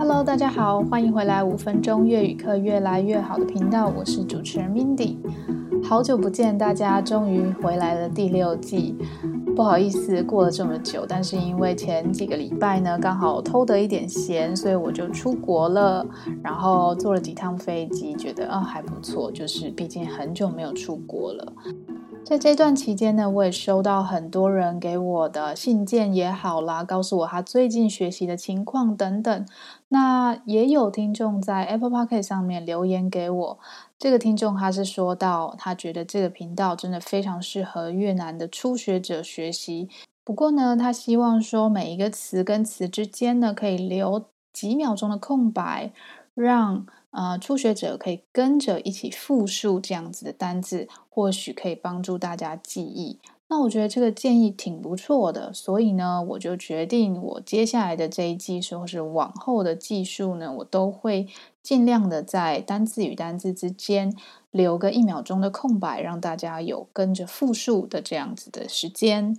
Hello，大家好，歡迎回來《五分鐘越語課》越來越好的頻道，我是主持人 Mindy。好久不見，大家終於回來了第六季。不好意思，過了這麼久，但是因為前幾個禮拜呢，剛好偷得一點閒，所以我就出國了，然後坐了幾趟飛機，覺得哦還不錯，就是畢竟很久沒有出國了。在這段期間呢，我也收到很多人給我的信件也好啦，告訴我他最近學習的情況等等。那也有聽眾在 Apple Podcast 上面留言給我，這個聽眾他是說到，他覺得這個頻道真的非常適合越南的初學者學習。不過呢，他希望說每一個詞跟詞之間呢，可以留幾秒鐘的空白，讓。呃，初學者可以跟着一起複述這樣子的單字，或許可以幫助大家記憶。那我覺得這個建議挺不錯的，所以呢，我就決定我接下來的這一季，或是往後的技術季數呢，我都會盡量的在單字與單字之間留個一秒鐘的空白，讓大家有跟着複述的這樣子的時間。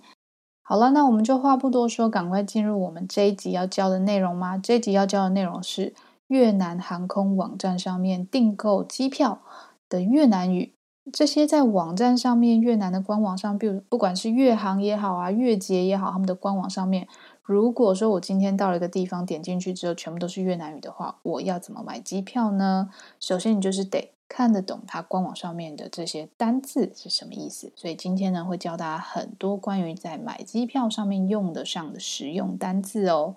好了，那我們就話不多說，趕快進入我們這一集要教的內容嗎？這一集要教的內容是。越南航空網站上面訂購機票的越南語，這些在網站上面，越南的官網上，比如不管是越航也好啊，越捷也好，他們的官網上面，如果說我今天到了一個地方，點進去之後全部都是越南語的話，我要怎麼買機票呢？首先，你就是得看得懂它官網上面的這些單字是什麼意思。所以今天呢，會教大家很多關於在買機票上面用得上的實用單字哦。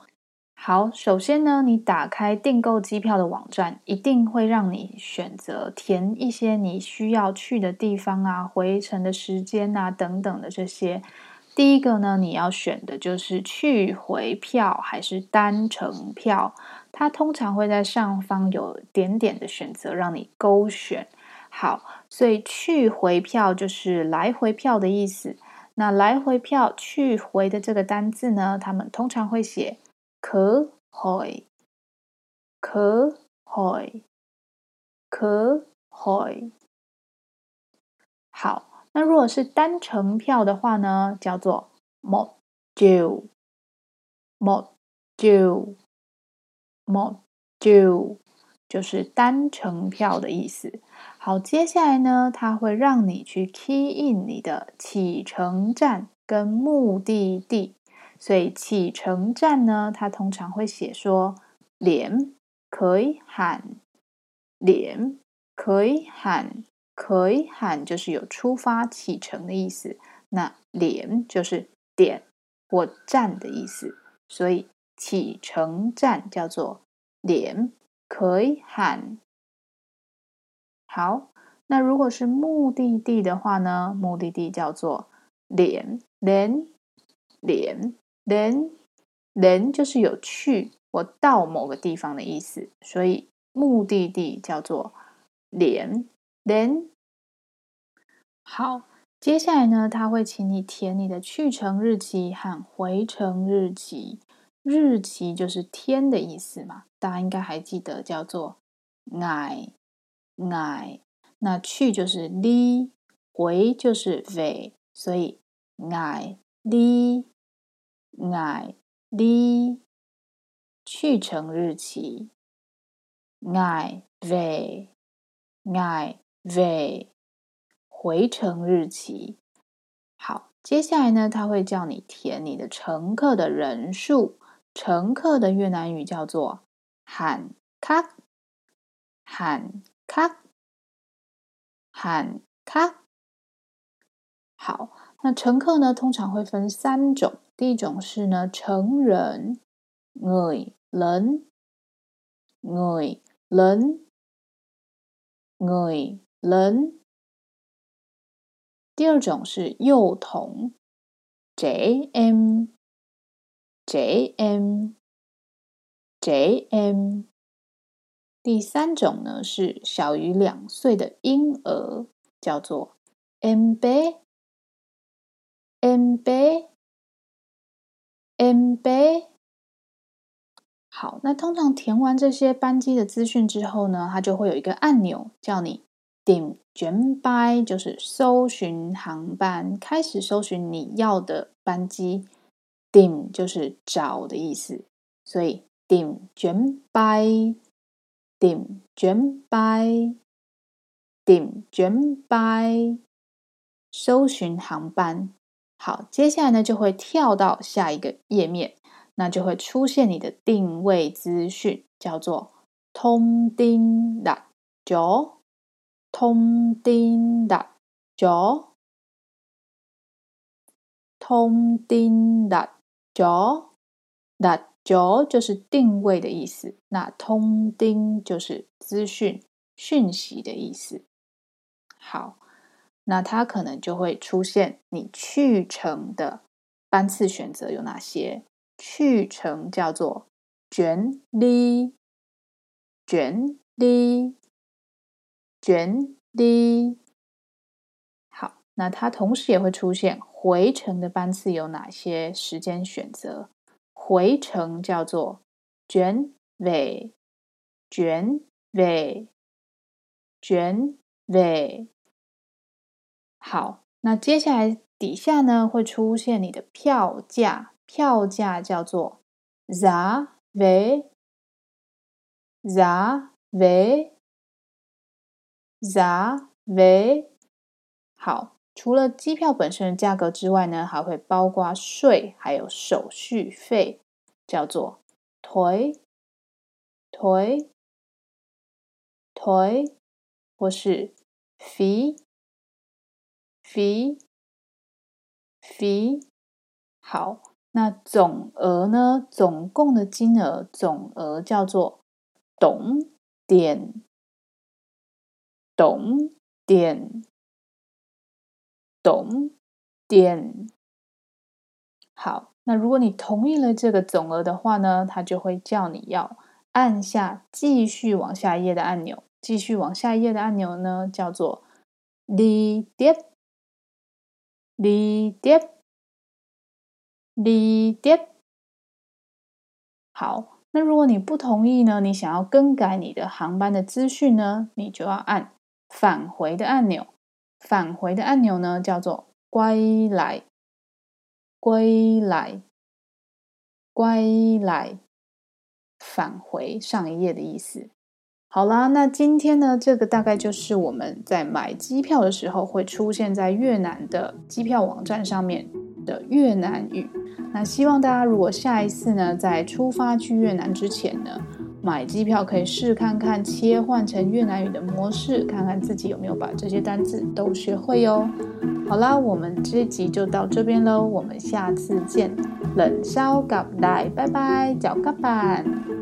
好，首先呢，你打開訂購機票的網站，一定會讓你選擇填一些你需要去的地方啊、回程的時間吶、啊、等等的這些。第一個呢，你要選的就是去回票還是單程票，它通常會在上方有點點的選擇讓你勾選。好，所以去回票就是來回票的意思。那來回票“去回”的這個單字呢，他們通常會寫。khứ hồi，khứ hồi，khứ hồi。好，那如果是單程票的話呢，叫做 một chiều，một chiều，một chiều，就是單程票的意思。好，接下來呢，它會讓你去 key in 你的啟程站跟目的地。所以啟程站呢，它通常會寫說“連可以喊”，“連可以喊”，“可以喊”就是有出發啟程的意思。那“連”就是點或站的意思，所以啟程站叫做臉“連可以喊”。好，那如果是目的地的話呢？目的地叫做臉“連連連”。人，人就是有去，或到某個地方的意思，所以目的地叫做連，連。好，接下來呢，他會請你填你的去程日期和回程日期。日期就是天的意思嘛，大家應該還記得叫做奶，奶，那去就是離，回就是飛，所以奶離。愛你去程日期，愛飛、愛飛，回程日期。好，接下來呢，他會叫你填你的乘客的人數，乘客的越南語叫做，喊卡，喊卡，喊卡。好。那乘客呢，通常會分三種。第一種是呢成人，người lớn, người lớn, người lớn。第二種是幼童，trẻ em, trẻ em, trẻ em。第三種呢是小於兩歲的嬰兒，叫做 em bé em bé，好，那通常填完這些班機的資訊之後呢，它就會有一個按鈕叫你 “tìm chuyến bay”，就是搜尋航班，開始搜尋你要的班機。tìm 就是找的意思，所以 “tìm chuyến bay”，“tìm chuyến bay”，“tìm chuyến bay”，搜尋航班。好，接下來呢，就會跳到下一個頁面，那就會出現你的訂位資訊，叫做 thông tin đặt chỗ，thông tin đặt chỗ，thông tin đặt chỗ，đặt chỗ 就，就是訂位的意思，那 thông tin 就是資訊訊息的意思。好。那它可能就會出現，你去程的班次選擇有哪些？去程叫做 chuyến đi chuyến đi chuyến đi。好，那它同時也會出現回程的班次有哪些時間選擇？回程叫做 chuyến về chuyến về chuyến về。好，那接下來底下呢會出現你的票價，票價叫做 giá vé giá vé giá vé。好，除了機票本身的價格之外呢，還會包括稅，還有手續費，叫做 thuế thuế thuế 或是 phí。fee fee 好，那總額呢？總共的金額總額叫做“懂點懂點懂點”懂點。好，那如果你同意了這個總額的話呢，他就會叫你要按下繼續往下一頁的按鈕。繼續往下一頁的按鈕呢，叫做“滴點”。離跌，離跌。好，那如果你不同意呢？你想要更改你的航班的資訊呢，你就要按返回的按鈕。返回的按鈕呢，叫做歸來，歸來，歸來，返回上一頁的意思。好啦，那今天呢，這個大概就是我們在買機票的時候會出現在越南的機票網站上面的越南語。那希望大家如果下一次呢，在出發去越南之前呢，買機票可以試看看切換成越南語的模式，看看自己有沒有把這些單字都學會喲。好啦，我們這集就到這邊嘍，我們下次見，冷燒咖喱，拜拜，腳咖板。